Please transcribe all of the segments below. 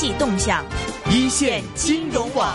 即動向，一線金融網。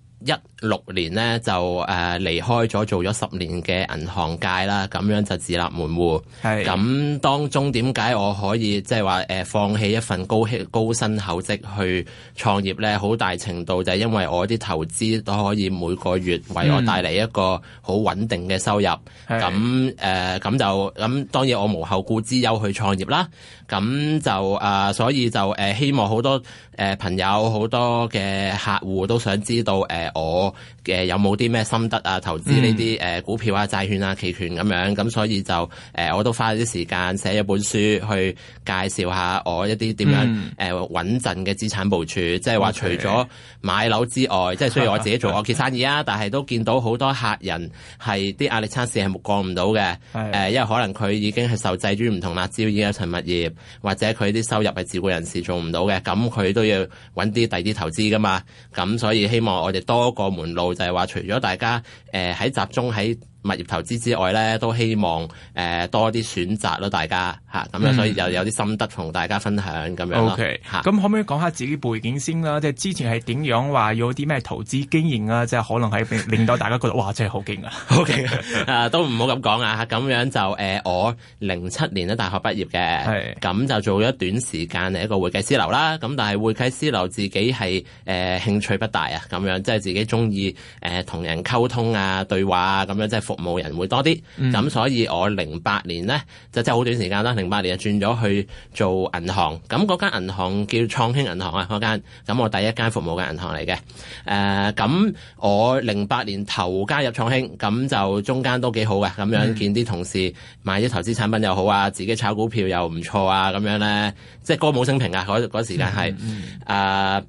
一六年呢，就誒離、呃、開咗，做咗十年嘅銀行界啦，咁樣就自立門戶。咁是的 當中點解我可以即係話誒放棄一份高薪高薪厚職去創業咧？好大程度就係因為我啲投資都可以每個月為我帶嚟一個好穩定嘅收入。咁誒咁就咁當然我無後顧之憂去創業啦。咁就誒、呃、所以就誒、呃、希望好多誒、呃、朋友好多嘅客戶都想知道誒。呃我嘅有冇啲咩心得啊？投資呢啲誒股票啊、債券啊、期權咁、啊嗯、樣，咁，所以就誒我都花咗啲時間寫一本書去介紹下我一啲點樣誒穩陣嘅資產部署，即係話除咗買樓之外，即係、嗯、雖然我自己做我嘅生意啊，嗯嗯嗯、但係都見到好多客人係啲壓力測試係過唔到嘅。誒、嗯，因為可能佢已經係受制於唔同啦，只要已經有層物業或者佢啲收入係自僱人士做唔到嘅，咁佢都要揾啲第二啲投資噶嘛。咁所以希望我哋多。嗰個門路，就係話除咗大家誒喺、呃、集中喺，物業投資之外咧，都希望誒、呃、多啲選擇啦、啊，大家咁、啊、樣所以又有啲心得同大家分享咁樣啦。OK 嚇，咁可唔可以講下自己背景先啦？即、就、係、是、之前係點樣話有啲咩投資經驗啊？即、就、係、是、可能係令到大家覺得 哇，真係好勁啊！OK 啊，都唔好咁講啊！咁樣就誒、呃，我零七年咧大學畢業嘅，咁是就做咗短時間誒一個會計師樓啦。咁但係會計師樓自己係、呃、興趣不大啊，咁樣即係自己中意誒同人溝通啊、對話啊咁樣即服務人會多啲，咁、嗯、所以我零八年呢，就真係好短時間啦。零八年就轉咗去做銀行，咁嗰間銀行叫創興銀行啊，嗰間，咁我第一間服務嘅銀行嚟嘅。誒、呃，咁我零八年頭加入創興，咁就中間都幾好嘅，咁樣見啲同事買啲投資產品又好啊，自己炒股票又唔錯啊，咁樣呢，即係歌舞升平啊，嗰嗰時間係誒。嗯嗯呃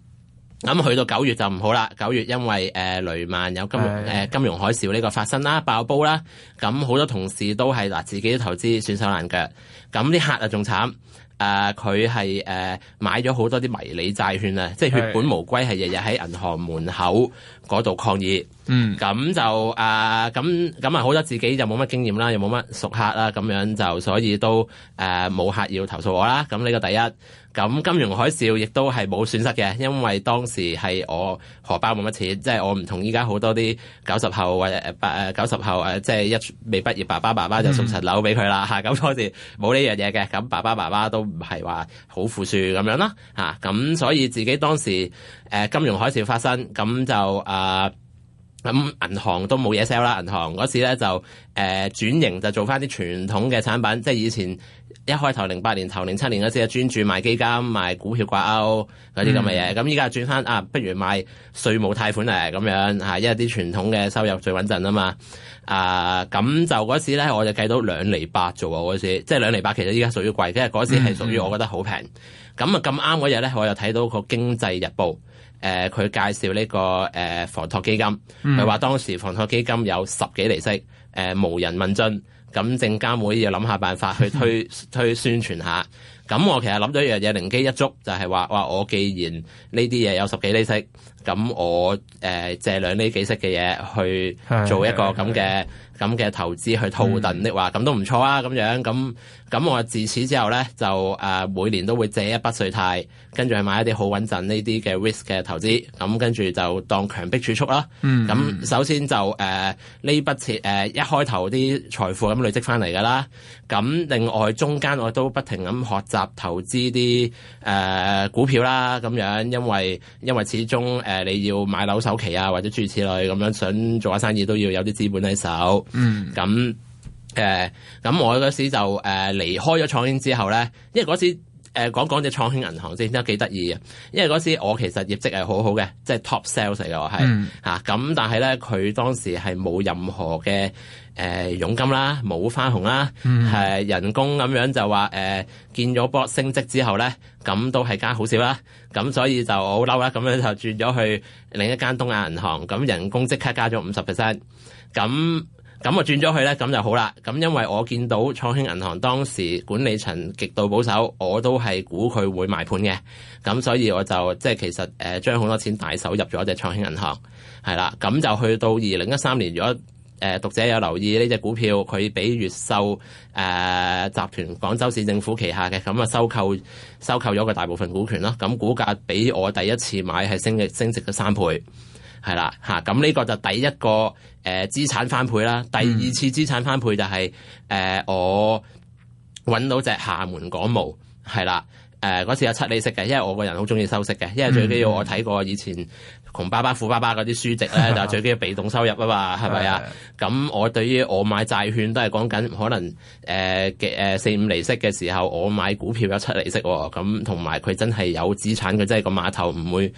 咁去到九月就唔好啦，九月因為、呃、雷曼有金、呃、金融海嘯呢個發生啦，爆煲啦，咁好多同事都係嗱自己都投資損手爛腳，咁啲客啊仲慘，誒佢係誒買咗好多啲迷你債券啊，即係血本無歸，係日日喺銀行門口，嗰度抗議，咁、嗯、就啊，咁咁啊，好多自己又冇乜經驗啦，又冇乜熟客啦，咁樣就所以都誒冇、呃、客要投訴我啦。咁呢個第一，咁金融海嘯亦都係冇損失嘅，因為當時係我荷包冇乜錢，即、就、係、是、我唔同依家好多啲九十後或者九十後即係、呃就是、一未畢業爸爸，爸爸、嗯啊、爸爸就送層樓俾佢啦嚇。咁當時冇呢樣嘢嘅，咁爸爸爸爸都唔係話好富庶咁樣啦嚇，咁、啊、所以自己當時。誒金融海嘯發生，咁就啊咁、呃、銀行都冇嘢 sell 啦。銀行嗰時咧就誒、呃、轉型，就做翻啲傳統嘅產品，即係以前一開頭零八年頭零七年嗰時啊，專注賣基金、賣股票掛鈎嗰啲咁嘅嘢。咁依家轉翻啊，不如賣稅務貸款嚟咁樣嚇，因為啲傳統嘅收入最穩陣啊嘛。啊咁就嗰時咧，我就計到兩厘八做喎。嗰時，即係兩厘八其實依家屬於貴，即係嗰時係屬於我覺得好平。咁啊咁啱嗰日咧，我又睇到個經濟日報。誒佢、呃、介紹呢、呢個誒房託基金，佢話、嗯、當時房託基金有十幾釐息，誒、呃、無人問津，咁證監會要諗下辦法去推推宣傳一下，咁我其實諗咗一樣嘢，靈機一觸就係話哇，我既然呢啲嘢有十幾釐息。咁我誒、呃、借兩厘幾息嘅嘢去做一個咁嘅咁嘅投資去套戥、嗯、的話，咁都唔錯啊！咁樣咁咁我自此之後咧，就誒、呃、每年都會借一筆稅貸，跟住買一啲好穩陣呢啲嘅 risk 嘅投資，咁跟住就當強迫儲蓄啦。咁、嗯、首先就誒呢、呃、筆錢誒、呃、一開頭啲財富咁累積翻嚟噶啦，咁另外中間我都不停咁學習投資啲誒股票啦，咁樣因為因為始終誒，你要買樓首期啊，或者諸如此類咁樣，想做下生意都要有啲資本喺手。嗯，咁誒，咁、呃、我嗰時就誒離、呃、開咗創興之後咧，因為嗰時。誒講講隻創興銀行先，真係幾得意嘅，因為嗰時我其實業績係好好嘅，即係 top sales 嚟嘅我係嚇，咁但係咧佢當時係冇任何嘅誒佣金啦，冇花紅啦，係人工咁樣就話誒見咗波升職之後咧，咁都係加好少啦，咁所以就我好嬲啦，咁樣就轉咗去另一間東亞銀行，咁人工即刻加咗五十 percent，咁。咁我轉咗去呢，咁就好啦。咁因為我見到創興銀行當時管理層極度保守，我都係估佢會賣盤嘅。咁所以我就即係其實、呃、將好多錢大手入咗隻創興銀行，係啦。咁就去到二零一三年，如果、呃、讀者有留意呢隻股票，佢俾越秀、呃、集團廣州市政府旗下嘅咁啊，收購收購咗佢大部分股權啦。咁股價比我第一次買係升升值咗三倍。係啦，吓，咁呢個就第一個誒資、呃、產翻倍啦，第二次資產翻倍就係、是、誒、呃、我揾到隻廈門港務係啦，誒、呃、嗰次有七厘息嘅，因為我個人好中意收息嘅，因為最緊要我睇過以前。窮爸爸富爸爸嗰啲書籍咧就係最緊要被動收入啊嘛，係咪啊？咁我對於我買債券都係講緊可能誒嘅誒四五釐息嘅時候，我買股票有七釐息喎，哦。咁同埋佢真係有資產，佢真係個碼頭唔會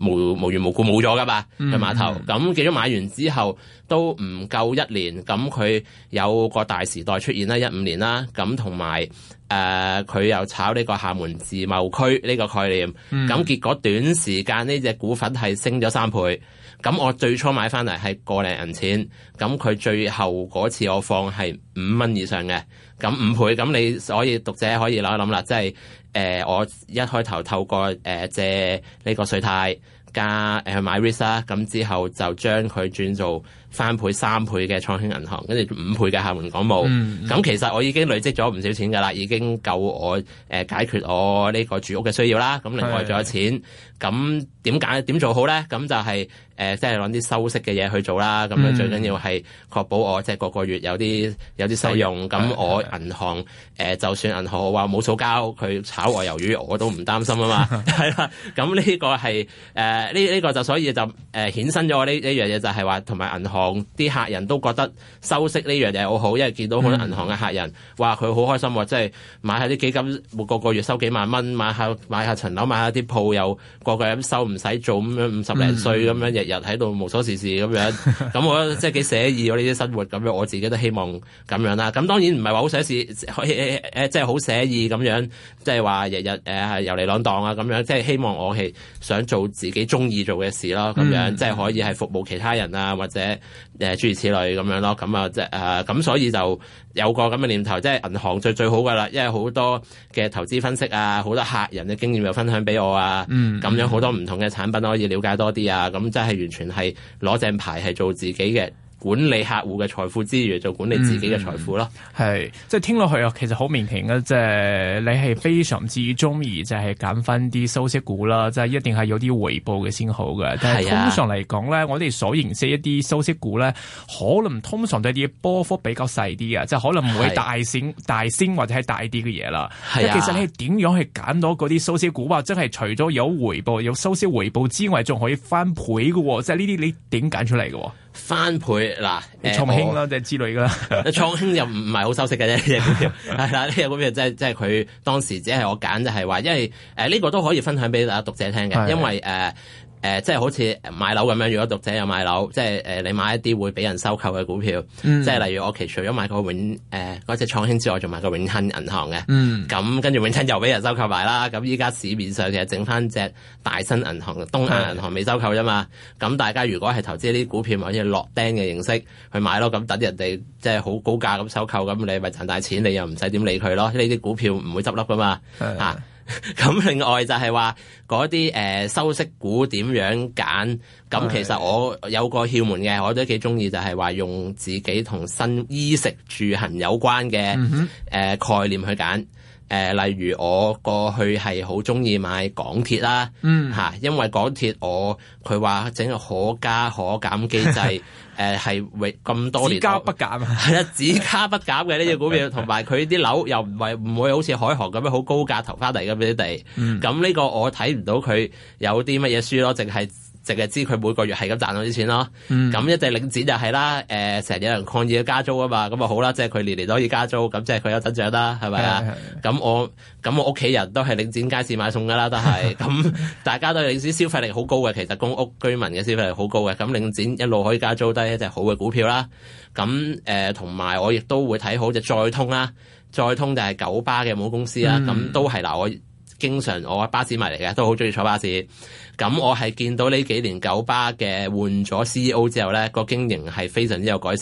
無無緣無故冇咗噶嘛，個 碼頭。咁記咗買完之後都唔夠一年，咁佢有個大時代出現啦，一五年啦，咁同埋。誒佢、呃、又炒呢個廈門自貿區呢個概念，咁結果短時間呢隻股份係升咗三倍，咁我最初買翻嚟係個零銀錢，咁佢最後嗰次我放係五蚊以上嘅，咁五倍，咁你所以讀者可以諗一諗啦，即、就、係、是呃、我一開頭透過誒、呃、借呢個稅貸加去、呃、買 Risa 啦，咁之後就將佢轉做。翻倍、三倍嘅創興銀行，跟住五倍嘅廈門港務，咁其實我已經累積咗唔少錢㗎啦，已經夠我誒、呃、解決我呢個住屋嘅需要啦。咁另外仲有錢。咁點解點做好咧？咁就係、是、誒，即係攞啲收息嘅嘢去做啦。咁、嗯、最緊要係確保我即係個個月有啲有啲使用。咁是我銀行誒，就算銀行話冇數交，佢炒我魷魚， 我都唔擔心啊嘛。係啦， 咁呢個係誒呢呢個就所以就誒衍生咗呢呢樣嘢，呃、就係話同埋銀行啲客人都覺得收息呢樣嘢好好，因為見到好多銀行嘅客人話佢好開心、啊，即、就、係、是、買下啲基金，每個個月收幾萬蚊，買下買下層樓，買下啲鋪又。個佢咁收唔使做咁樣，五十零歲咁樣日日喺度無所事事咁樣，咁我即係幾寫意我呢啲生活咁樣，我自己都希望咁樣啦。咁當然唔係話好寫意，可以誒誒，即係好寫意咁樣，即係話日日誒遊嚟浪蕩啊咁樣。即係希望我係想做自己中意做嘅事咯咁樣，即係可以係服務其他人啊，或者誒諸如此類咁樣咯。咁啊即係誒，咁所以就有個咁嘅念頭，即係銀行最最好㗎啦，因為好多嘅投資分析啊，好多客人嘅經驗又分享俾我啊，嗯，咁。有好多唔同嘅產品可以了解多啲啊！咁即係完全係攞正牌係做自己嘅。管理客戶嘅財富之餘，就管理自己嘅財富咯。係、嗯，即係、就是、聽落去啊，其實好明顯嘅，即、就是、你係非常之中意，就係揀翻啲收息股啦，即、就、係、是、一定係有啲回報嘅先好嘅。係、但係通常嚟講咧，是啊、我哋所認識一啲收息股咧，可能通常都係啲波幅比較細啲嘅，就是、可能唔會大升是、啊、大升或者係大啲嘅嘢啦。是啊、但其實你係點樣去揀到嗰啲收息股啊？即、就、係、是、除咗有回報、有收息回報之外，仲可以翻倍嘅、哦，即係呢啲你點揀出嚟嘅？翻倍嗱，創興咯，即係之類噶啦。創興、啊啊、又唔係好收息嘅啫，係啦呢隻股票，即係即係佢當時只係我揀，就係、是、話，因為誒呢、啊這個都可以分享俾大家讀者聽嘅，因為誒。的誒、呃，即係好似買樓咁樣，如果讀者有買樓，即係誒、呃，你買一啲會俾人收購嘅股票，嗯、即係例如我其實除咗買個永誒嗰隻創興之外，仲買個永亨銀行嘅，咁、嗯、跟住永亨又俾人收購埋啦，咁依家市面上其實整翻隻大新銀行、的東亞銀行未收購啫嘛，咁大家如果係投資啲股票或者落釘嘅形式去買咯，咁等人哋即係好高價咁收購，咁你咪賺大錢，你又唔使點理佢咯，呢啲股票唔會執笠噶嘛，吓的。啊咁 另外就係話嗰啲誒，收息股點樣揀？咁其實我有個竅門嘅，我都幾中意，就係、是、話用自己同新衣食住行有關嘅誒、嗯哼呃、概念去揀。誒、呃，例如我過去係好中意買港鐵啦，吓、嗯啊，因為港鐵我佢話整個可加可減機制。 誒係咁多年多，只加不減啊！係啊，只加不減嘅呢隻股票，同埋佢啲樓又唔係唔會好似海航咁樣好高價投翻嚟咁啲地。咁呢、嗯、個我睇唔到佢有啲乜嘢輸咯，淨係。淨係知佢每個月係咁賺到啲錢咯，咁、嗯、一隻領展就係啦，成、呃、日有人抗議嘅加租啊嘛，咁啊好啦，即係佢年年都可以加租，咁即係佢有增長啦，係咪啊？咁我咁我屋企人都係領展街市買餸噶啦，都係，咁的、嗯、大家都領展消費力好高嘅，其實公屋居民嘅消費力好高嘅，咁領展一路可以加租，都係一隻好嘅股票啦。咁同埋我亦都會睇好就載通啦，載通就係九巴嘅母公司啦，咁、嗯、都係嗱我。經常我巴士迷嚟嘅，都好中意坐巴士。咁我係見到呢幾年九巴嘅換咗 C E O 之後呢，個經營係非常之有改善。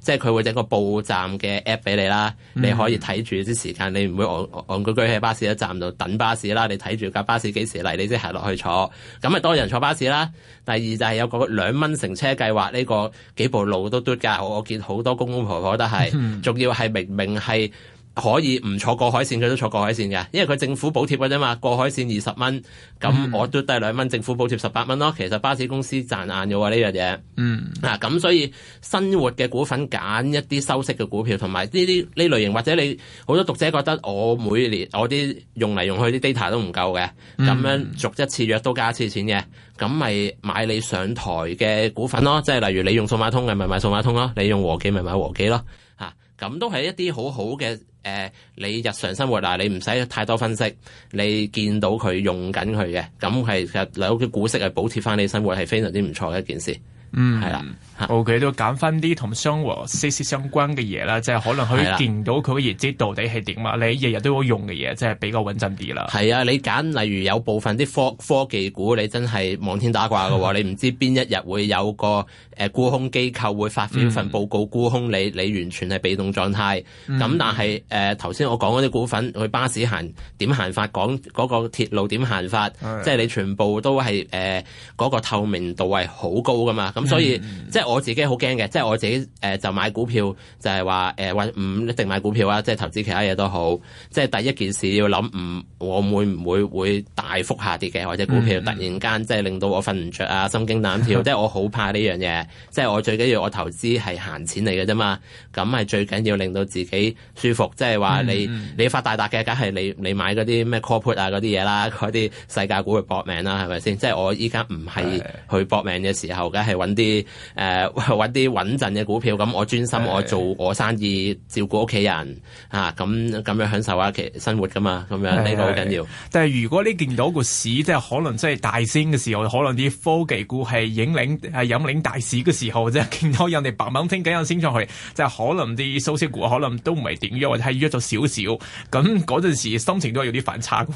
即係佢會整個報站嘅 app 俾你啦，嗯、你可以睇住啲時間，你唔會戇戇居居喺巴士一站度等巴士啦。你睇住架巴士幾時嚟，你即係落去坐。咁啊，多人坐巴士啦。第二就係有個兩蚊乘車計劃，呢、呢個幾步路都嘟㗎。我見好多公公婆婆都係，仲要係明明係。可以唔坐過海線，佢都坐過海線嘅，因為佢政府補貼嘅啫嘛。過海線二十蚊，咁我都低兩蚊，政府補貼十八蚊咯。其實巴士公司賺硬咗呢樣嘢。這個、嗯，啊咁，所以生活嘅股份揀一啲收息嘅股票，同埋呢啲呢類型，或者你好多讀者覺得我每年我啲用嚟用去啲 data 都唔夠嘅，咁、嗯、樣逐一次約都加一次錢嘅，咁咪買你上台嘅股份咯。即係例如你用數碼通嘅，咪買數碼通咯；你用和記，咪買和記咯。嚇、啊，咁都係一啲好好嘅。誒、呃，你日常生活嗱，你唔使太多分析，你見到佢用緊佢嘅，咁係其實有啲股息係補貼翻你生活，係非常之唔錯嘅一件事，嗯，係啦。O.K. 都揀翻啲同生活息息相關嘅嘢啦，即、就、係、是、可能佢見到佢嘅業績到底係點啊！你日日都要用嘅嘢，即係比較穩陣啲啦。係啊，你揀例如有部分啲科科技股，你真係望天打卦嘅喎，嗯、你唔知邊一日會有個誒、呃、沽空機構會發出一份報告沽空你，你完全係被動狀態。咁、嗯、但係誒頭先我講嗰啲股份，去巴士行點行法，講嗰個鐵路點行法，是即係你全部都係誒嗰個透明度係好高㗎嘛。咁所以即、嗯我自己好驚嘅，即係我自己誒、呃、就買股票，就係話誒或唔一定買股票啊，即係投資其他嘢都好。即係第一件事要諗唔我會唔會會大幅下跌嘅，或者股票突然間嗯嗯即係令到我瞓唔着啊，心驚膽跳， 即係我好怕呢樣嘢。即係我最緊要我投資係閒錢嚟嘅啫嘛，咁係最緊要令到自己舒服。即係話你嗯嗯你發大達嘅，梗係你你買嗰啲咩 corporate 啊嗰啲嘢啦，嗰啲世界股去搏命啦，係咪先？即係我依家唔係去搏命嘅時候，梗係揾啲誒誒，搵啲穩陣嘅股票，咁我專心我做我生意，哎、照顧屋企人啊，咁咁樣享受下其生活噶嘛，咁樣呢、哎、個好緊要。哎、但係如果你見到個市，即係可能真係大升嘅時候，可能啲科技股係引領係引領大市嘅時候，即係見到人哋白猛升幾日升上去，即係可能啲收息股可能都唔係點樣，或者係喐咗少少，咁嗰陣時心情都有啲反差誒，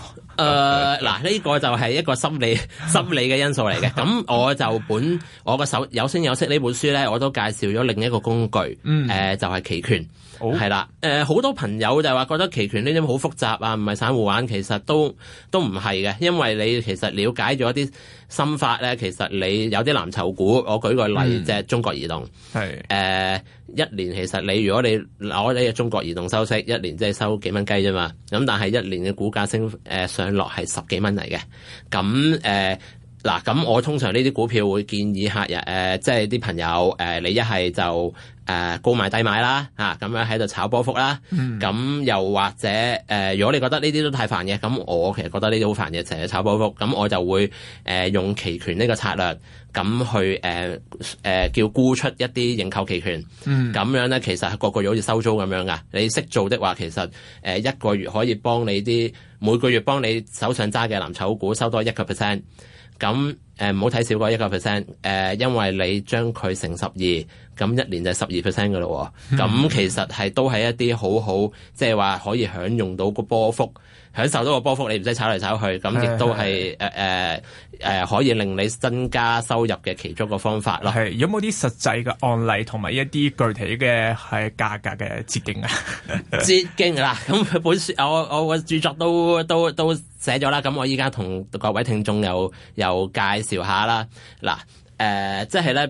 嗱，呢個就係一個心理心理嘅因素嚟嘅。咁 我就本我個手有聲有色呢書咧，我都介紹咗另一個工具，誒、嗯呃，就係、是、期權，係啦、哦，誒、好、呃、多朋友就話覺得期權呢啲好複雜啊，唔係散戶玩，其實都都唔係嘅，因為你其實了解咗一啲心法咧，其實你有啲藍籌股，我舉個例，隻、嗯、中國移動，係是，誒、呃，一年其實你如果你攞你嘅中國移動收息，一年即係收幾蚊雞啫嘛，咁但係一年嘅股價升誒、呃、上落係十幾蚊嚟嘅，咁誒。呃嗱，咁我通常呢啲股票會建議客人誒、呃，即係啲朋友誒、呃，你一係就誒高、呃、買低賣啦，咁、啊、樣喺度炒波幅啦。咁、嗯、又或者誒、呃，如果你覺得呢啲都太煩嘅，咁我其實覺得呢啲好煩嘅，成日炒波幅，咁我就會誒、呃、用期權呢個策略咁去誒、呃呃、叫沽出一啲認購期權，咁、嗯、樣咧其實個個月好似收租咁樣噶。你識做嘅話，其實誒、呃、一個月可以幫你啲每個月幫你手上揸嘅藍籌股收多一個 percent。咁誒唔好睇少過一個 percent，誒，因為你將佢乘十二，咁一年就十二 percent 嘅咯喎，咁其實係都係一啲好好，即係話可以享用到個波幅。享受到個波幅，你唔使炒嚟炒去，咁亦都係誒誒可以令你增加收入嘅其中一個方法啦。係有冇啲實際嘅案例同埋一啲具體嘅係價格嘅捷徑啊？捷徑啦，咁本書我我個著作都都都寫咗啦。咁我依家同各位聽眾又又介紹下啦。嗱、呃、即係咧，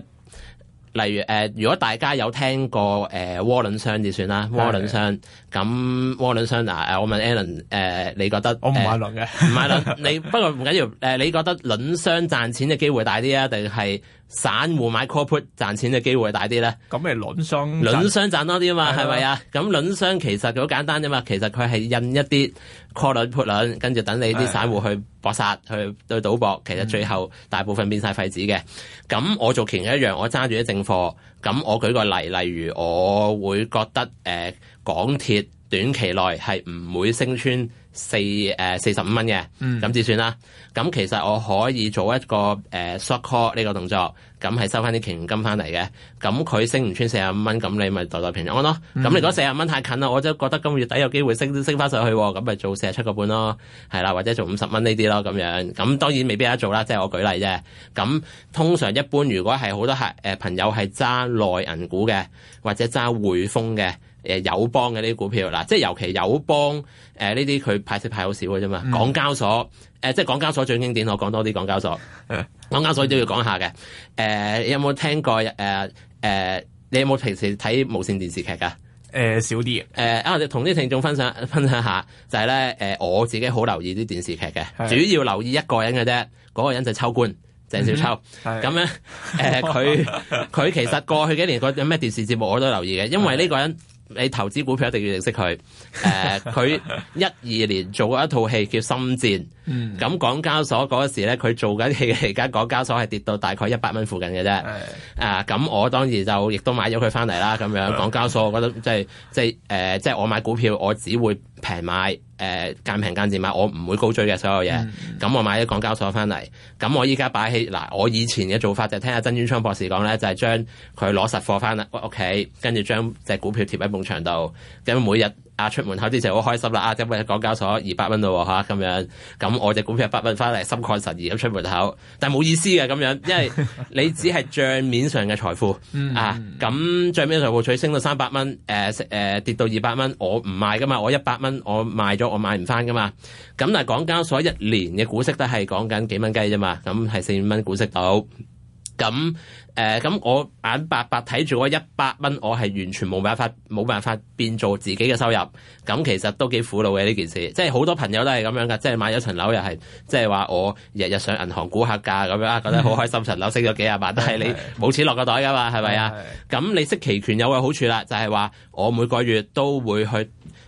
例如、呃、如果大家有聽過誒窩輪商就算啦，窩輪商。咁窩輪商，嗱，我問 Alan，誒、呃、你覺得我唔買輪嘅，唔買輪。 你不過唔緊要，誒你覺得輪商賺錢嘅機會大啲啊，定係散戶買 call put 賺錢嘅機會大啲咧？咁咪輪商賺，輪商賺多啲啊嘛，係咪吧啊？咁輪商其實好簡單啫嘛，其實佢係印一啲 call 輪 put 輪，跟住等你啲散戶去搏殺，去去賭博，其實最後大部分變晒廢紙嘅。咁、嗯、我做其一樣，我揸住啲正貨。咁我舉個例，例如我會覺得誒。呃港鐵短期內係唔會升穿四誒四十五蚊嘅，咁至算啦。咁、嗯、其實我可以做一個誒 short call 呢個動作，咁係收翻啲期權金翻嚟嘅。咁佢升唔穿四十五蚊，咁你咪袋袋平安咯。咁你講四十五蚊太近啦，我真覺得今個月底有機會升升翻上去，咁咪做四十七個半咯，係啦，或者做五十蚊呢啲咯，咁樣咁當然未必有得做啦，即係我舉例啫。咁通常一般如果係好多朋友係揸內銀股嘅，或者揸匯豐嘅。誒友邦嘅呢啲股票啦即係尤其友邦誒呢啲佢派息派好少嘅啫嘛。嗯、港交所誒、呃，即係港交所最經典，我講多啲港交所。嗯、港交所都要講下嘅、呃。你有冇聽過誒誒、呃呃？你有冇平時睇無線電視劇噶？誒少啲嘅。啊、呃！我哋同啲聽眾分享分享下，就係咧誒，我自己好留意啲電視劇嘅，的主要留意一個人嘅啫。嗰、那個人就係秋官鄭少秋。咁樣誒，佢佢、呃、 其實過去幾年有咩電視節目我都留意嘅，因為呢個人。你投資股票一定要認識佢，誒、呃、佢一二年做過一套戲叫《心戰》，咁、嗯、港交所嗰時咧佢做緊戲，而家港交所係跌到大概一百蚊附近嘅啫，咁、嗯啊、我當然就亦都買咗佢翻嚟啦，咁樣港交所我覺得即係即係即係我買股票我只會平買。誒間、呃、平間賤買，我唔會高追嘅所有嘢。咁、嗯、我買啲港交所翻嚟，咁我依家擺起，嗱，我以前嘅做法就係、是、聽阿曾淵滄博士講咧，就係、是、將佢攞實貨翻嚟屋企，跟住將隻股票貼喺埲牆度，咁每日。啊！出門口啲就好開心啦！啊，即係港交所二百蚊咯吓，咁、啊、樣咁、啊、我隻股票一百蚊翻嚟，心曠神怡咁出門口，但係冇意思嘅咁樣，因為你只係賬面上嘅財富 啊，咁賬面上財富取升到三百蚊，誒、呃、誒、呃、跌到二百蚊，我唔賣噶嘛，我一百蚊我賣咗，我買唔翻噶嘛，咁但係港交所一年嘅股息都係講緊幾蚊雞啫嘛，咁係四五蚊股息到，咁、啊。誒咁，呃、我眼白白睇住我一百蚊，我係完全冇辦法冇辦法變做自己嘅收入。咁其實都幾苦惱嘅呢件事，即係好多朋友都係咁樣噶，即係買咗層樓又係，即係話我日日上銀行估客價咁樣，覺得好開心， 層樓升咗幾廿萬，但係你冇錢落個袋噶嘛，係咪啊？咁 你識期權有個好處啦，就係、是、話我每個月都會去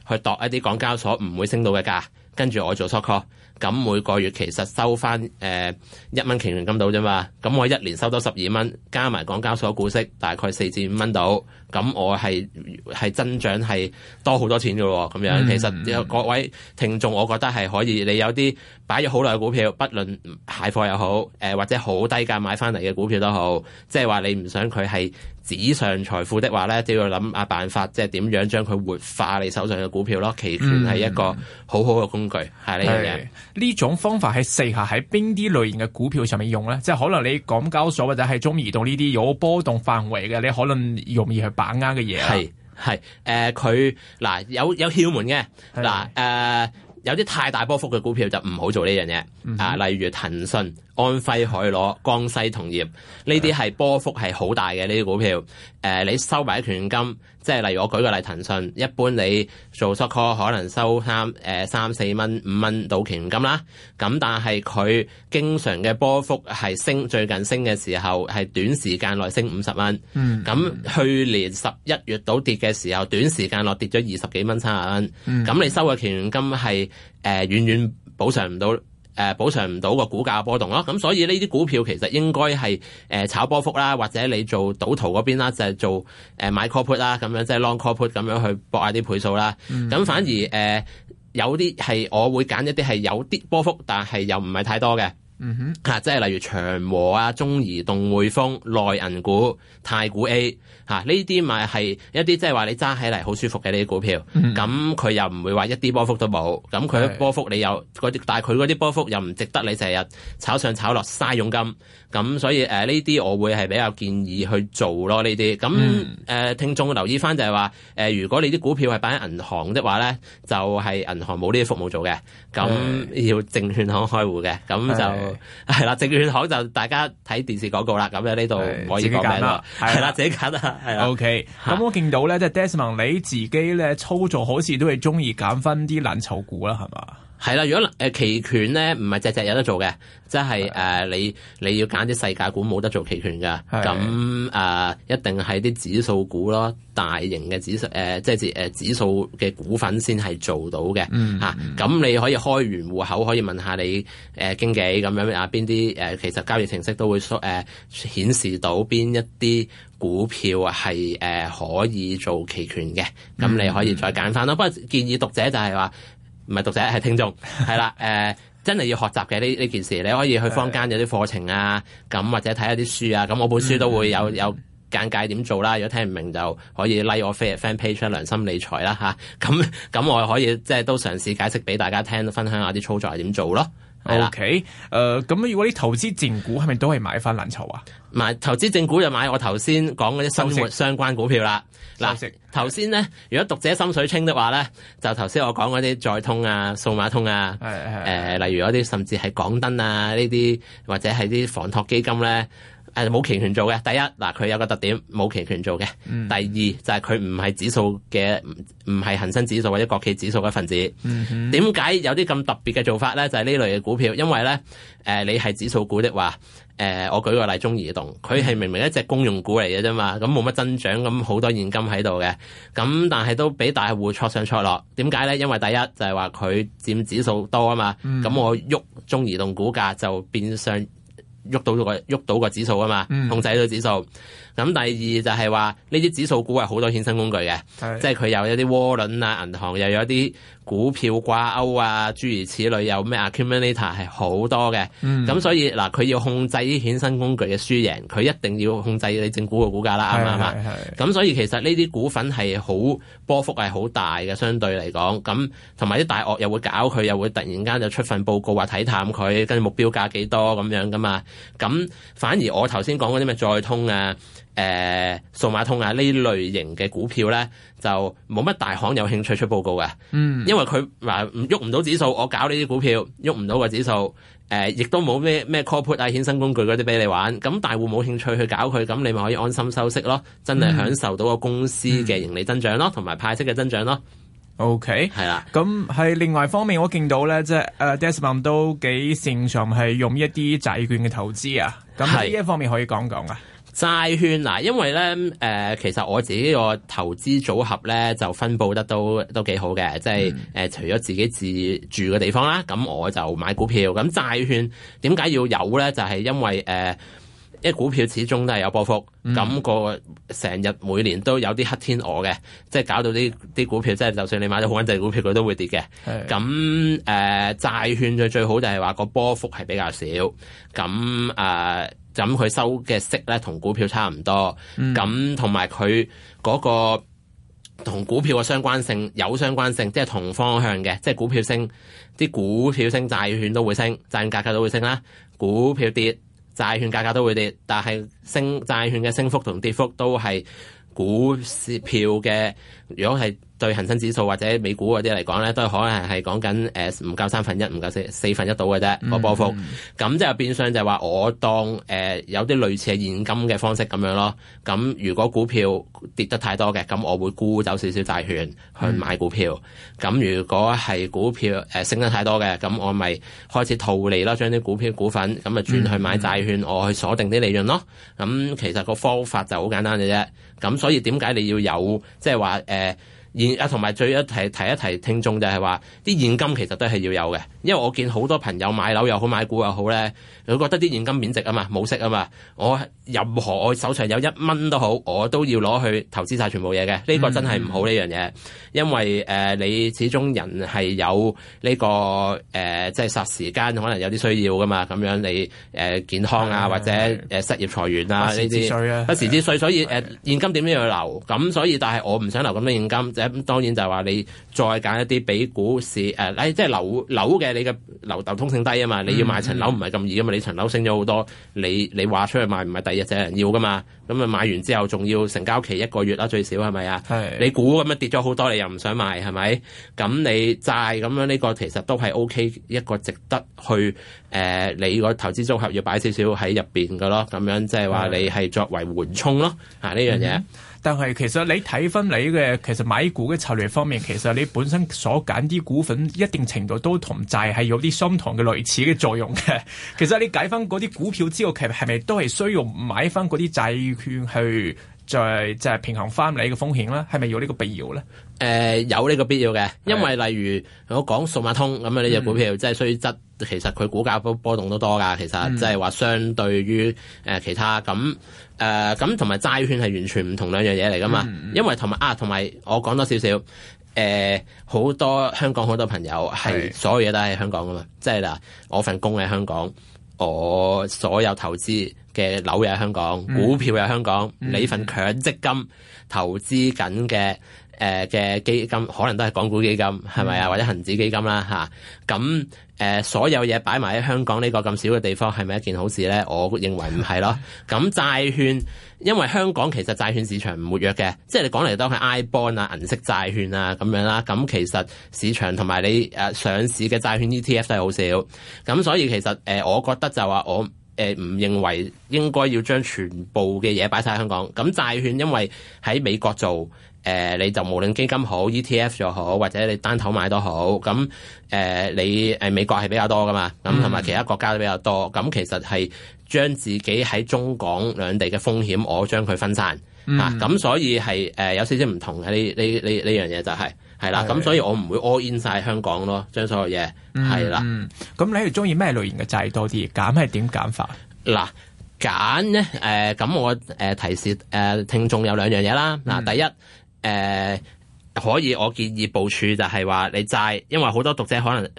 去度一啲港交所唔會升到嘅價，跟住我做速購。咁每個月其實收翻誒、呃、一蚊期元金到啫嘛，咁我一年收多十二蚊，加埋港交所股息大概四至五蚊到，咁我係係增長係多好多錢嘅喎，咁樣、嗯、其實各位聽眾，我覺得係可以，你有啲擺咗好耐嘅股票，不論蟹貨又好、呃，或者好低價買翻嚟嘅股票都好，即係話你唔想佢係紙上財富的話咧，只要諗下辦法，即係點樣將佢活化你手上嘅股票咯。期權係一個好好嘅工具，係呢樣嘢。的呢種方法係四下喺邊啲類型嘅股票上面用咧，即係可能你港交所或者係中移動呢啲有波動範圍嘅，你可能容易去把握嘅嘢。係係，誒佢嗱有有竅門嘅，嗱誒是、呃、有啲太大波幅嘅股票就唔好做呢樣嘢，嗯、哼啊，例如騰訊。安徽海螺、江西銅業呢啲係波幅係好大嘅呢啲股票，誒、呃，你收埋權金，即係例如我舉個例，騰訊一般你做 short call 可能收三誒三四蚊五蚊到權金啦，咁但係佢經常嘅波幅係升，最近升嘅時候係短時間內升五十蚊，咁、嗯、去年十一月到跌嘅時候，短時間內跌咗二十幾蚊三十蚊。咁、嗯、你收嘅權金係誒遠遠補償唔到。呃遠遠誒、呃、補償唔到個股價波動咯，咁所以呢啲股票其實應該係、呃、炒波幅啦，或者你做賭徒嗰邊啦，就係、是、做買 call put 啦，咁樣即係 long call put 咁樣去搏下啲倍數啦。咁、mm hmm. 呃、反而誒、呃、有啲係我會揀一啲係有啲波幅，但係又唔係太多嘅。嗯哼，嚇、啊，即係例如長和啊、中移動、匯豐、內銀股、太古 A 嚇、啊，呢啲咪係一啲即係話你揸起嚟好舒服嘅呢啲股票，咁佢、嗯、又唔會話一啲波幅都冇，咁佢波幅你又啲，是但係佢嗰啲波幅又唔值得你成日炒上炒落嘥佣金，咁所以誒呢啲我會係比較建議去做咯呢啲，咁誒、嗯呃、聽眾留意返就係話誒，如果你啲股票係擺喺銀行的話咧，就係、是、銀行冇呢啲服務做嘅，咁要證券行開戶嘅，咁就。係啦，證券行就大家睇電視廣告啦。咁喺呢度可以揀啦，係啦，自己揀啦。係啊。O K，咁我見到咧，即係 Desmond，你自己咧操作好，好似都係中意揀翻啲藍籌股啦，係嘛？係啦，如果、呃、期權咧，唔係隻隻有得做嘅，即係誒是的、呃、你你要揀啲細價股冇得做期權嘅，咁誒是的、呃、一定係啲指數股咯，大型嘅指、呃、指數誒，即係指指數嘅股份先係做到嘅咁。、嗯嗯啊、你可以開完戶口，可以問下你、呃、經紀咁樣啊，邊啲、呃、其實交易程式都會、呃、顯示到邊一啲股票係、呃、可以做期權嘅，咁你可以再揀翻咯。不過、嗯嗯、建議讀者就係話。唔係讀者係聽眾，係啦， 誒、呃、真係要學習嘅呢呢件事，你可以去坊間有啲課程啊，咁的或者睇下啲書啊，咁我本書都會有的有簡介點做啦。如果聽唔明就可以 like 我 fan page《良心理財》啦，嚇、啊，咁咁我可以即係都嘗試解釋俾大家聽，分享下啲操作係點做咯。ok 誒、呃，咁如果你投資正股係咪都係買翻藍籌啊？買投資正股就買我頭先講嗰啲生活相關股票息啦。嗱息，頭先咧，是的 如果讀者心水清的話咧，就頭先我講嗰啲載通啊、數碼通啊，誒、呃，例如嗰啲甚至係港燈啊呢啲，或者係啲房託基金咧。誒，冇期權做嘅。第一，嗱，佢有個特點，冇期權做嘅。嗯、第二，就係佢唔係指數嘅，唔係恒生指數或者國企指數嘅份子。嗯、哼點解有啲咁特別嘅做法咧？就係、是、呢類嘅股票，因為咧，誒、呃，你係指數股的話，誒、呃，我舉個例，中移動，佢係明明是一隻公用股嚟嘅啫嘛，咁冇乜增長，咁好多現金喺度嘅，咁但係都俾大戶挫上挫落。點解咧？因為第一就係話佢佔指數多啊嘛，咁我喐中移動股價就變相。喐到個喐到個指數啊嘛，控制到指數。咁、嗯嗯、第二就係話呢啲指數股係好多衍生工具嘅，是即係佢又有啲窩輪啊，銀行又有啲股票掛鈎啊，諸如此類有咩 accumulator 係好多嘅。咁、嗯嗯嗯、所以嗱，佢要控制啲衍生工具嘅輸贏，佢一定要控制你正股嘅股價啦，啱唔啱啊？咁所以其實呢啲股份係好波幅係好大嘅，相對嚟講。咁同埋啲大鱷又會搞佢，又會突然間就出份報告話睇淡佢，跟住目標價幾多咁樣噶嘛。咁反而我頭先講嗰啲咩載通啊、誒數碼通啊呢類型嘅股票咧，就冇乜大行有興趣出報告嘅，嗯，因為佢話唔喐唔到指數，我搞呢啲股票喐唔到個指數，誒、呃，亦都冇咩咩 call put 啊衍生工具嗰啲俾你玩，咁大戶冇興趣去搞佢，咁你咪可以安心收息咯，真係享受到個公司嘅盈利增長咯，同埋派息嘅增長咯。O K，係啦，咁喺 Okay, 的另外一方面，我見到咧，即、呃、係誒，Desmond 都幾擅長係用一啲債券嘅投資啊。咁喺呢一方面可以講講啊？債券嗱，因為咧誒、呃，其實我自己個投資組合咧就分布得都都幾好嘅，即係誒，除咗自己自住嘅地方啦，咁我就買股票。咁債券點解要有咧？就係、是、因為誒。呃因為股票始終都係有波幅，咁、嗯、個成日每年都有啲黑天鵝嘅，即係搞到啲啲股票，即係就算你買得好穩定股票，佢都會跌嘅。咁誒是的、呃、債券就最好就係話個波幅係比較少，咁啊咁佢收嘅息咧同股票差唔多，咁同埋佢嗰個同股票嘅相關性有相關性，即係同方向嘅，即係股票升，啲股票升，債券都會升，債價格都會升啦，股票跌，債券價格都會跌，但係升債券嘅升幅同跌幅都係股市票嘅，如果係。對恒生指數或者美股嗰啲嚟講咧，都係可能係講緊誒，唔夠三分一，唔夠四四分一到嘅啫個波幅。咁就變相就話我當誒、呃、有啲類似係現金嘅方式咁樣咯。咁如果股票跌得太多嘅，咁我會沽走少少債券去買股票。咁、嗯、如果係股票誒、呃、升得太多嘅，咁我咪開始套利咯，將啲股票股份咁啊轉去買債券，嗯、我去鎖定啲利潤咯。咁其實個方法就好簡單嘅啫。咁所以點解你要有即係話誒？呃同埋最一提提一提聽眾就係話啲現金其實都係要有嘅，因為我見好多朋友買樓又好買股又好咧，佢覺得啲現金貶值啊嘛，冇息啊嘛。我任何我手上有一蚊都好，我都要攞去投資曬全部嘢嘅。呢、這個真係唔好呢樣嘢，嗯嗯、因為誒、呃、你始終人係有呢、這個誒、呃、即係霎時間，可能有啲需要噶嘛。咁樣你誒、呃、健康啊，的或者誒失業裁員啊不時之需啊，不時之需。所以誒的現金點樣要留。咁所以但係我唔想留咁多現金。咁當然就係話你再揀一啲比股市誒、呃、即係樓樓嘅，你嘅樓流通性低啊嘛，、嗯、嘛，你要買層樓唔係咁易啊嘛，你層樓升咗好多，你你話出去賣唔係第二日就有人要噶嘛，咁、嗯、啊買完之後仲要成交期一個月啦，最少係咪啊？是你股咁樣跌咗好多，你又唔想賣係咪？咁你債咁樣呢個其實都係 O K，一個值得去誒、呃，你個投資組合要擺少少喺入面㗎咯，咁樣即係話你係作為緩衝咯，的啊呢樣嘢。但係其實你睇翻你嘅其實買股嘅策略方面，其實你本身所揀啲股份一定程度都同債係有啲相同嘅類似嘅作用嘅。其實你解翻嗰啲股票之後，其實係咪都係需要買翻嗰啲債券去？再即係平衡翻你嘅風險啦，係咪有呢個必要咧？誒、呃，有呢個必要嘅，因為例如是我講數碼通咁嘅呢隻股票，嗯、即係雖則其實佢股價波波動都多噶，其實、嗯、即係話相對於誒、呃、其他咁誒咁同埋債券係完全唔同兩樣嘢嚟噶嘛。嗯、因為同埋啊，同埋、啊、我講多少少誒，好、呃、多香港好多朋友係是所有嘢都喺香港噶嘛，即係嗱，我份工喺香港，我所有投資。嘅樓又喺香港，股票又喺香港，嗯、你份強積金投資緊嘅誒嘅基金，可能都係港股基金，係咪啊？嗯、或者恒指基金啦吓，咁、啊呃、所有嘢擺埋喺香港呢個咁少嘅地方，係咪一件好事咧？我認為唔係咯。咁債券，因為香港其實債券市場唔活躍嘅，即係你講嚟都係 I bond 啊、銀色債券啊咁樣啦。咁其實市場同埋你、啊、上市嘅債券 ETF 都係好少。咁所以其實、呃、我覺得就話我。誒，唔、呃、認為應該要將全部嘅嘢擺晒香港。咁債券因為喺美國做，誒、呃、你就無論基金好、ETF 又好，或者你單頭買都好。咁誒、呃、你美國係比較多噶嘛，咁同埋其他國家都比較多。咁其實係將自己喺中港兩地嘅風險，我將佢分散咁、嗯啊、所以係誒、呃、有少少唔同嘅，呢呢呢呢樣嘢就係、是。係啦，咁的所以我唔會 all in 晒香港咯，將所有嘢係啦。咁你中意咩類型嘅債多啲？揀係點揀法？嗱，揀咧，誒，咁我誒提示誒聽眾有兩樣嘢啦。嗱，第一，誒、呃，可以我建議部署就係話你債，因為好多讀者可能。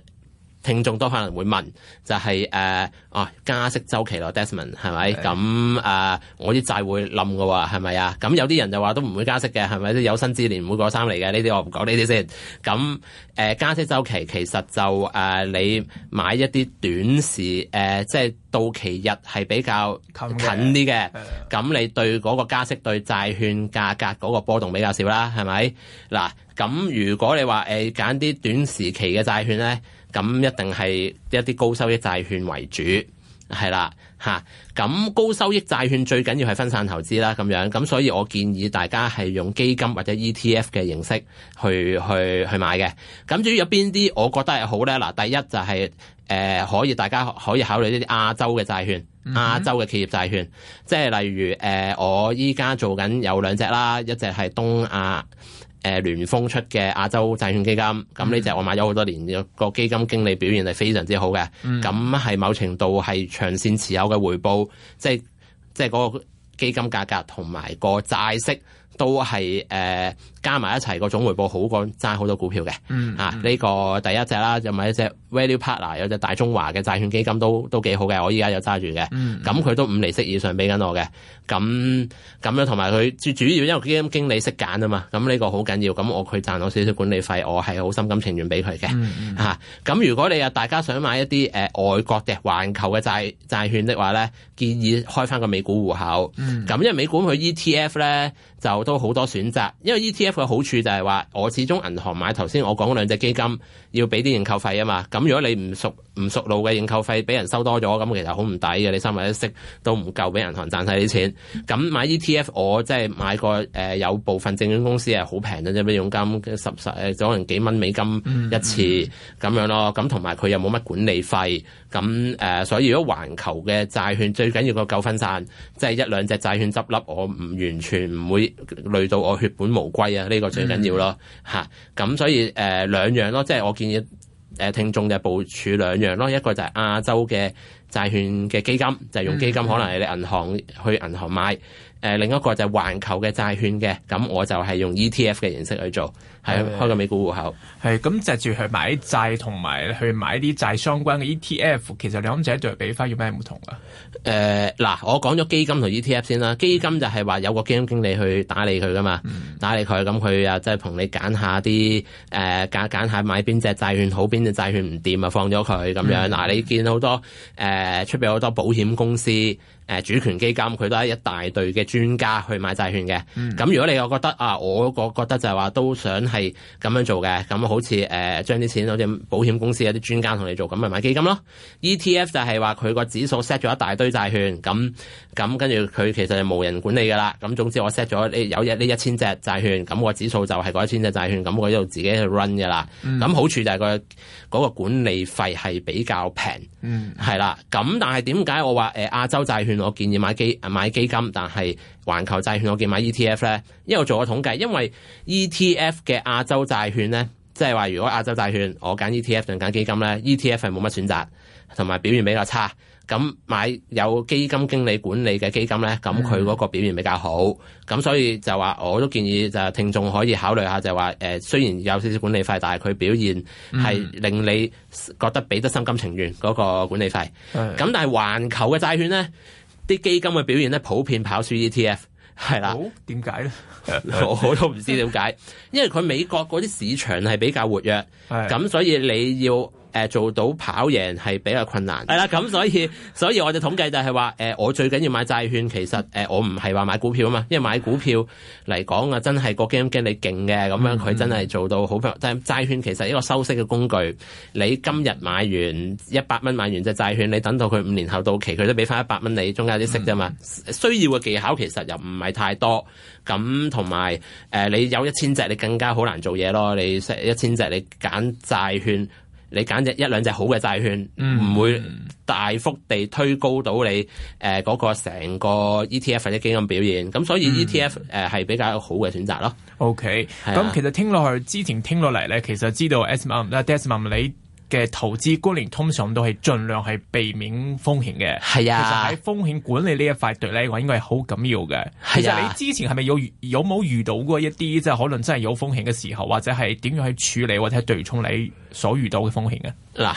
聽眾都可能會問，就係誒哦加息週期咯，Desmond 係咪咁？誒的、啊、我啲債會冧㗎喎，係咪啊？咁有啲人就話都唔會加息嘅，係咪有生之年唔會過三嚟嘅呢啲？我唔講呢啲先。咁、啊、誒、啊、加息週期其實就誒、啊、你買一啲短時誒、啊，即係到期日係比較近啲嘅。咁的你對嗰個加息的對債券價格嗰個波動比較少啦，係咪嗱？咁、啊啊、如果你話誒揀啲短時期嘅債券咧？咁一定係一啲高收益債券為主，係啦嚇。咁、啊、高收益債券最緊要係分散投資啦，咁樣。咁所以我建議大家係用基金或者 ETF 嘅形式去去去買嘅。咁至於有邊啲我覺得係好咧，嗱，第一就係、是、誒、呃、可以大家可以考慮一啲亞洲嘅債券、亞、嗯、哼洲嘅企業債券，即係例如誒、呃、我依家做緊有兩隻啦，一隻係東亞。誒聯豐出嘅亞洲債券基金，咁呢隻我買咗好多年，個基金經理表現係非常之好嘅，咁係某程度係長線持有嘅回報，即係即係嗰個基金價格同埋個債息。都係誒、呃、加埋一齊個總回報好過，揸好多股票嘅，嗯嗯、啊呢、這個第一隻啦，又買一隻 Value Partner 有隻大中華嘅債券基金都都幾好嘅，我依家又揸住嘅，咁佢、嗯、都五厘息以上俾緊我嘅，咁咁同埋佢最主要因為基金經理識揀啊嘛，咁呢個好緊要，咁我佢賺我少少管理費，我係好心甘情願俾佢嘅，吓咁、嗯嗯啊、如果你大家想買一啲誒、呃、外國嘅環球嘅債債券的話咧，建議開翻個美股戶口，咁、嗯、因為美股佢 ETF 咧。就都好多選擇，因為 ETF 嘅好處就係話，我始終銀行買，頭先我講兩隻基金，要俾啲認購費啊嘛，咁如果你唔熟唔熟路嘅認購費俾人收多咗，咁其實好唔抵嘅，你收埋啲息都唔夠俾銀行賺晒啲錢。咁買 ETF 我即係買個誒、呃、有部分證券公司係好平嘅啫，俾佣金十十誒可能幾蚊美金一次咁、嗯、樣咯。咁同埋佢又冇乜管理費。咁誒、呃、所以如果環球嘅債券最緊要個夠分散，即、就、係、是、一兩隻債券執笠，我唔完全唔會累到我血本無歸、這個、啊！呢個最緊要咯嚇。咁所以誒、呃、兩樣咯，即係我。建議誒聽眾就部署兩樣咯，一個就係亞洲嘅。債券嘅基金就係、用基金，可能係你銀行去銀行買。誒、嗯呃，另一個就係環球嘅債券嘅，咁我就係用 ETF 嘅形式去做，係、嗯、開個美股戶口。係咁、嗯嗯嗯，藉住去買債同埋去買啲債相關嘅 ETF，其實兩者對比翻有咩唔同啊？誒，嗱，我講咗基金同 ETF 先啦。基金就係話有個基金經理去打理佢噶嘛，嗯、打理佢咁佢啊，即係同你揀下啲誒揀揀下買邊隻債券好，邊隻債券唔掂啊，放咗佢咁樣。嗱、嗯呃，你見好多、呃誒出邊好多保險公司。主權基金佢都係一大堆嘅專家去買債券嘅，咁、嗯、如果你又覺得啊，我個覺得就係話都想係咁樣做嘅，咁好似誒、呃、將啲錢好似保險公司有啲專家同你做咁咪買基金咯，ETF 就係話佢個指數 set 咗一大堆債券，咁咁跟住佢其實就無人管理噶啦，咁總之我 set 咗有嘢呢一千隻債券，咁我指數就係嗰一千隻債券，咁我呢度自己去 run 噶啦，咁、嗯、好處就係個嗰個管理費係比較平，係啦、嗯，咁但係點解我話誒、呃、亞洲債券？我建議買基買基金，但係環球債券我建議買 ETF 咧。因為我做過統計，因為 ETF 嘅亞洲債券咧，即係話如果亞洲債券我揀 ETF 定揀基金咧，ETF 係冇乜選擇，同埋表現比較差。咁買有基金經理管理嘅基金咧，咁佢嗰個表現比較好。咁、嗯、所以就話我都建議就係聽眾可以考慮下，就話誒，雖然有少少管理費，但係佢表現係令你覺得俾得心甘情願嗰、嗰個管理費。咁、嗯、但係環球嘅債券咧。啲基金嘅表現咧，普遍跑輸 ETF，係啦。點解咧？ 我都唔知點解，因為佢美國嗰啲市場係比較活躍，咁所以你要。誒，做到跑贏係比較困難的。 係啦，咁所以，所以我哋統計就係話，誒、呃，我最緊要買債券，其實誒、呃，我唔係話買股票啊嘛，因為買股票嚟講啊，真係個基金經理勁嘅，咁樣佢真係做到好平。債 券其實是一個收息嘅工具，你今日買完一百蚊買完隻債券，你等到佢五年後到期，佢都俾翻一百蚊你中間啲，中間啲息啫嘛。需要嘅技巧其實又唔係太多，咁同埋誒，你有一千隻，你更加好難做嘢咯。你一一千隻，你揀債券。你揀只一兩隻好嘅債券，唔會大幅地推高到你誒嗰個成個 ETF 或者基金表現，咁所以 ETF 誒係比較好嘅選擇咯。OK，咁其實聽落去，之前聽落嚟咧，其實知道 S m o 你。嘅投資觀念通常都係盡量係避免風險嘅，係啊。其實喺風險管理呢一塊對你嚟講應該係好緊要嘅。係啊、其實你之前係咪有有冇遇到過一啲即係可能真係有風險嘅時候，或者係點樣去處理，或者係對沖你所遇到嘅風險啊？嗱、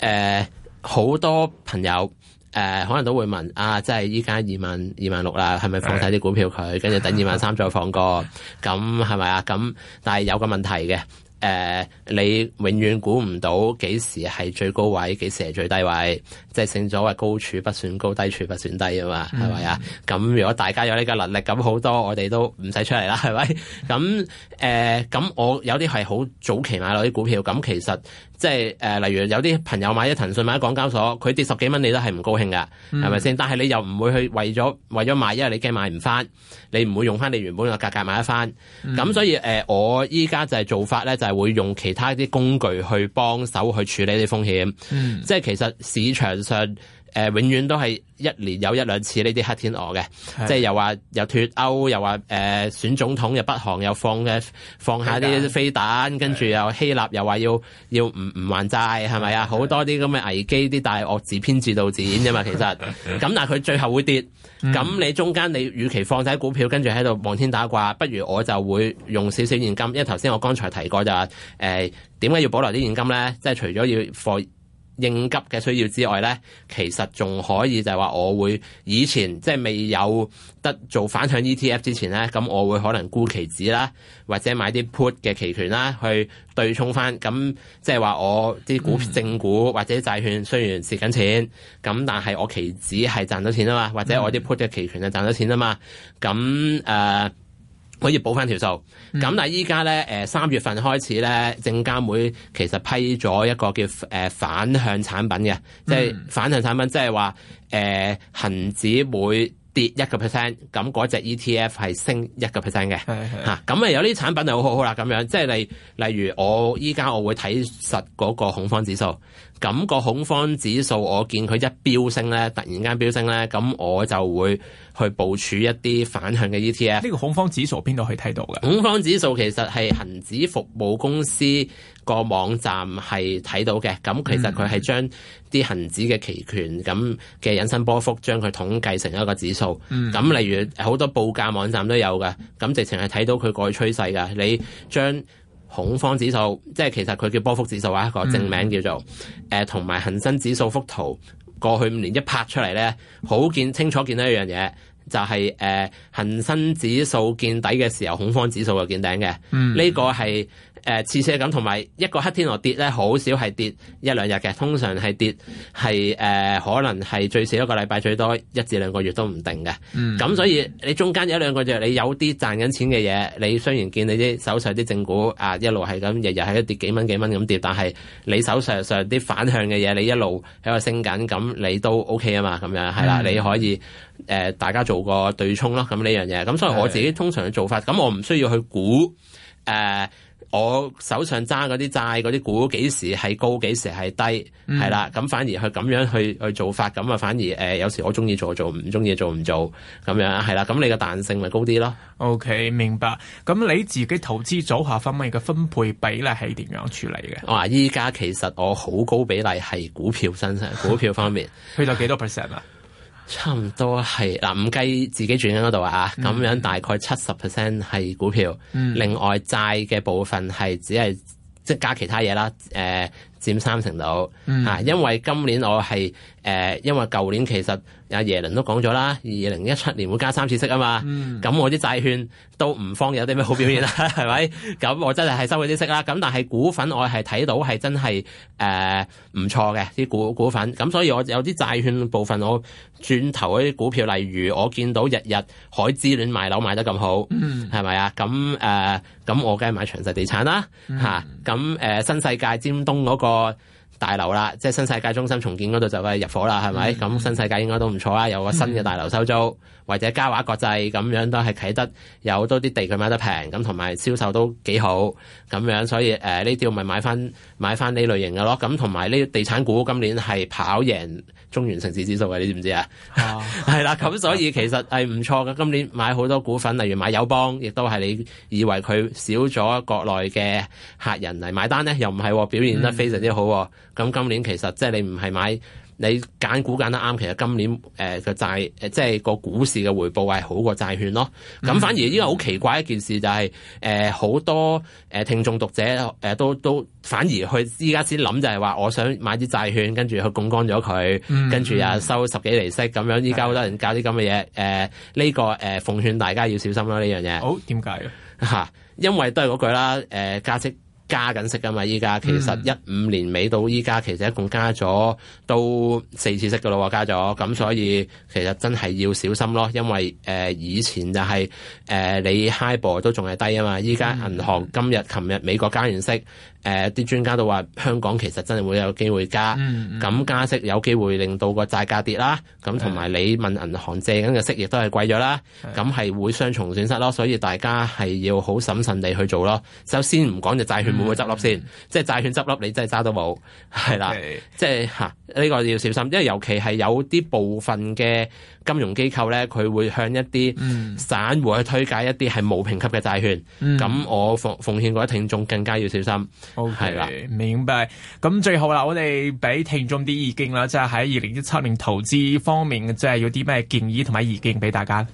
嗯，誒、呃、好多朋友誒、呃、可能都會問啊，即係依家二萬二萬六啦，係咪放低啲股票佢，跟住等二萬三再放過？咁係咪啊？咁但係有個問題嘅。誒、呃，你永遠估唔到幾時係最高位，幾時係最低位，即係所謂話高處不算高，低處不算低啊嘛，係咪啊？咁如果大家有呢個能力，咁好多我哋都唔使出嚟啦，係咪？咁誒，咁、呃、我有啲係好早期買落啲股票，咁其實。即係誒、呃，例如有啲朋友買咗騰訊，買咗港交所，佢跌十幾蚊，你都係唔高興噶，係咪先？但係你又唔會去為咗為咗買，因為你驚買唔翻，你唔會用翻你原本嘅價格買得翻。咁、嗯、所以誒、呃，我依家就係做法咧，就係、是、會用其他啲工具去幫手去處理啲風險。嗯、即係其實市場上。呃、永遠都係一年有一兩次呢啲黑天鵝嘅，的即係又話又脫歐，又話、呃、選總統又北韓又放嘅放下啲飛彈，的跟住又希臘又話要要唔唔還債係咪啊？好的多啲咁嘅危機，啲大鱷自編自導自演啫嘛，其實。咁的但係佢最後會跌，咁的你中間你與其放晒股票，跟住喺度望天打卦，不如我就會用少少現金，因為頭先我剛才提過就話呃、點解要保留啲現金咧？即係除咗要放。應急嘅需要之外呢，其實仲可以就係話，我會以前即係、就是、未有得做反向 ETF 之前呢，咁我會可能沽期指啦，或者買啲 put 嘅期權啦，去對沖翻。咁即係話我啲股正股或者債券雖然蝕緊錢，咁、嗯、但係我期指係賺到錢啊嘛，或者我啲 put 嘅期權係賺到錢啊嘛，咁誒。呃可以補翻條數。咁但係依家咧，誒、呃、三月份開始咧，證監會其實批咗一個叫、呃、反向產品嘅，即係反向產品，即係話誒恆指會跌一個 percent，咁嗰隻 ETF 係升一個 percent 嘅。嚇，咁是是 啊有啲產品就好好啦，咁樣即係例例如我依家我會睇實嗰個恐慌指數。咁個恐慌指數，我見佢一飆升咧，突然間飆升咧，咁我就會去部署一啲反向嘅 ETF。呢個恐慌指數邊度可以睇到嘅？恐慌指數其實係恒指服務公司個網站係睇到嘅。咁其實佢係將啲恒指嘅期權咁嘅引伸波幅，將佢統計成一個指數。咁例如好多報價網站都有嘅，咁直情係睇到佢過去趨勢㗎。你將恐慌指數，即係其實佢叫波幅指數啊，一個正名叫做，誒，嗯，呃，同埋恆生指數幅圖，過去五年一拍出嚟咧，好見清楚見到一樣嘢，就係，是，誒，呃，恆生指數見底嘅時候，恐慌指數就見頂嘅，嗯，呢個係。誒，次次係咁，同埋一個黑天鵝跌咧，好少係跌一兩日嘅，通常係跌係誒、呃，可能係最少一個禮拜，最多一至兩個月都唔定嘅。咁、嗯、所以你中間有一兩個月，你有啲賺緊錢嘅嘢，你雖然見你啲手上啲正股啊，一路係咁日日喺度跌幾蚊幾蚊咁跌，但係你手上啲反向嘅嘢，你一路喺度升緊，咁你都 OK 啊嘛，咁樣係啦，你可以、呃、大家做個對沖咯，咁呢樣嘢。咁所以我自己通常嘅做法，咁是的 我唔需要去估、呃我手上揸嗰啲債嗰啲股幾時係高幾時係低，係啦、嗯，咁反而去咁樣去去做法，咁啊反而誒、呃，有時我中意做做，唔中意做唔做，咁樣係啦，咁你個彈性咪高啲咯。OK，明白。咁你自己投資組合方面嘅分配比例係點樣處理嘅？我話依家其實我好高比例係股票身上，股票方面， 去到幾多 percent 啊？ 差唔多係嗱五雞自己轉緊嗰度啊，咁樣大概七十 percent 係股票，嗯，另外債嘅部分係只係即係加其他嘢啦，呃佔三成度、嗯啊、因為今年我係誒、呃，因為舊年其實阿耶倫都講咗啦，二零一七年會加三次息啊嘛，咁、嗯、我啲債券都唔慌有啲咩好表現啦，係咪？咁我真係收佢啲息啦。咁但係股份我係睇到係真係誒唔錯嘅啲股股份，咁所以我有啲債券部分我轉投啲股票，例如我見到日日海之戀賣樓賣得咁好，係咪啊？咁誒咁我梗係買長實地產啦嚇，咁、嗯啊呃、新世界尖東嗰、那個。個大樓啦，即係新世界中心重建嗰度就係入伙啦，係咪？咁、嗯、新世界應該都唔錯啦，有個新嘅大樓收租，或者嘉華國際咁樣都係啟得有，有多啲地佢買得平，咁同埋銷售都幾好，咁樣所以誒呢啲咪買翻買翻呢類型嘅咯，咁同埋呢地產股今年係跑贏。中原城市指數，嘅，你知唔知啊？係啦， 咁所以其實係唔錯嘅。今年買好多股份，例如買友邦，亦都係你以為佢少咗國內嘅客人嚟買單呢，又唔係，表現得非常之好。咁、嗯、今年其實即係你唔係買。你揀股揀得啱，其實今年誒嘅債，即係個股市嘅回報係好過債券咯。咁反而依個好奇怪一件事就係、是，誒好、嗯、多誒聽眾讀者誒都都反而去依家先諗就係話，我想買啲債券，跟住去槓桿咗佢，嗯、跟住啊收十幾厘息咁、嗯、樣。依家好多人搞啲咁嘅嘢，誒、呃、呢、這個、呃、奉勸大家要小心啦，呢樣嘢。好點解啊？這個哦、為 因為都係嗰句啦，誒、呃、加息。加緊息噶嘛？依家其實一五年尾到依家，其實一共加咗都四次息噶咯喎，加咗咁，所以其實真係要小心咯。因為、呃、以前就係、誒、誒、呃、你 high 部都仲係低啊嘛。依家銀行今日、琴日美國加完息，誒啲、呃、專家都話香港其實真係會有機會加，咁、嗯嗯、加息有機會令到個債價跌啦，咁同埋你問銀行借緊嘅息亦都係貴咗啦，咁係、嗯、會雙重損失咯，所以大家係要好審慎地去做咯。首先唔講就債券會唔會執笠先，嗯、即係債券執笠你真係揸都冇，係 okay, 啦，即係呢、啊呢個要小心，因為尤其係有啲部分嘅金融機構咧，佢會向一啲散戶去推介一啲係無評級嘅債券，咁、嗯、我奉奉獻嗰啲聽眾更加要小心。O Okay , K，的明白。咁最後啦，我哋俾聽眾啲意見啦，即係喺二零一七年投資方面，即係要啲咩建議同埋意見俾大家。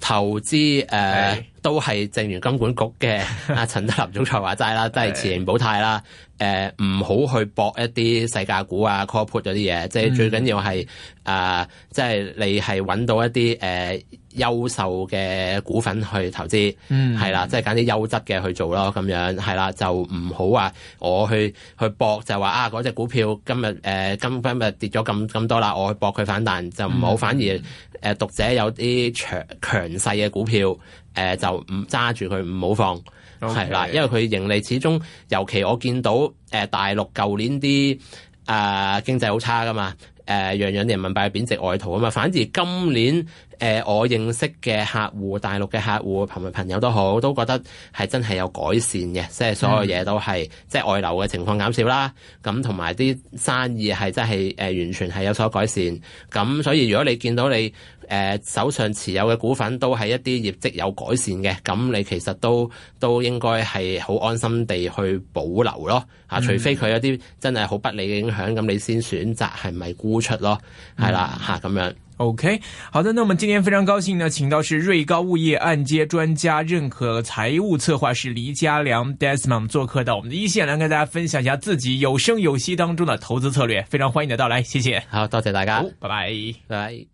投資誒，呃、是的 都係正如金管局嘅阿陳德霖總裁話齋啦，都係持盈保泰啦。誒是的、呃，唔好去搏一啲世界股啊，corporate 啲嘢。即係、嗯、最緊要係誒，即、呃、係、就是、你係揾到一啲誒。呃優秀嘅股份去投資，係啦、嗯，即係揀啲優質嘅去做咯，咁樣係啦，就唔好話我去去搏就話啊，嗰隻股票今日、呃、今今日跌咗咁咁多啦，我去搏佢反彈就唔好。反而、嗯嗯呃、讀者有啲強強勢嘅股票、呃、就唔揸住佢唔好放係啦 Okay.，因為佢盈利始終尤其我見到、呃、大陸舊年啲啊、呃、經濟好差噶嘛，誒、呃、樣樣人民幣貶值外逃啊嘛，反而今年。誒、呃，我認識嘅客戶，大陸嘅客戶，朋朋友都好，都覺得係真係有改善嘅，即係所有嘢都係，嗯、即係外流嘅情況減少啦。咁同埋啲生意係真係、呃、完全係有所改善。咁所以如果你見到你。誒，手上持有嘅股份都係一啲業績有改善嘅，咁你其實都都應該係好安心地去保留咯，吓，除非佢有啲真係好不利嘅影響，咁你先選擇係咪沽出咯，係、嗯、啦吓，咁、嗯啊、樣。OK，好的，那我們今天非常高興呢，請到是瑞高物業按揭專家、認可財務策劃師黎家良 Desmond 做客到我們的一線，嚟跟大家分享一下自己有聲有息當中的投資策略，非常歡迎你的到來，謝謝。好，多謝大家，拜拜，拜。Bye bye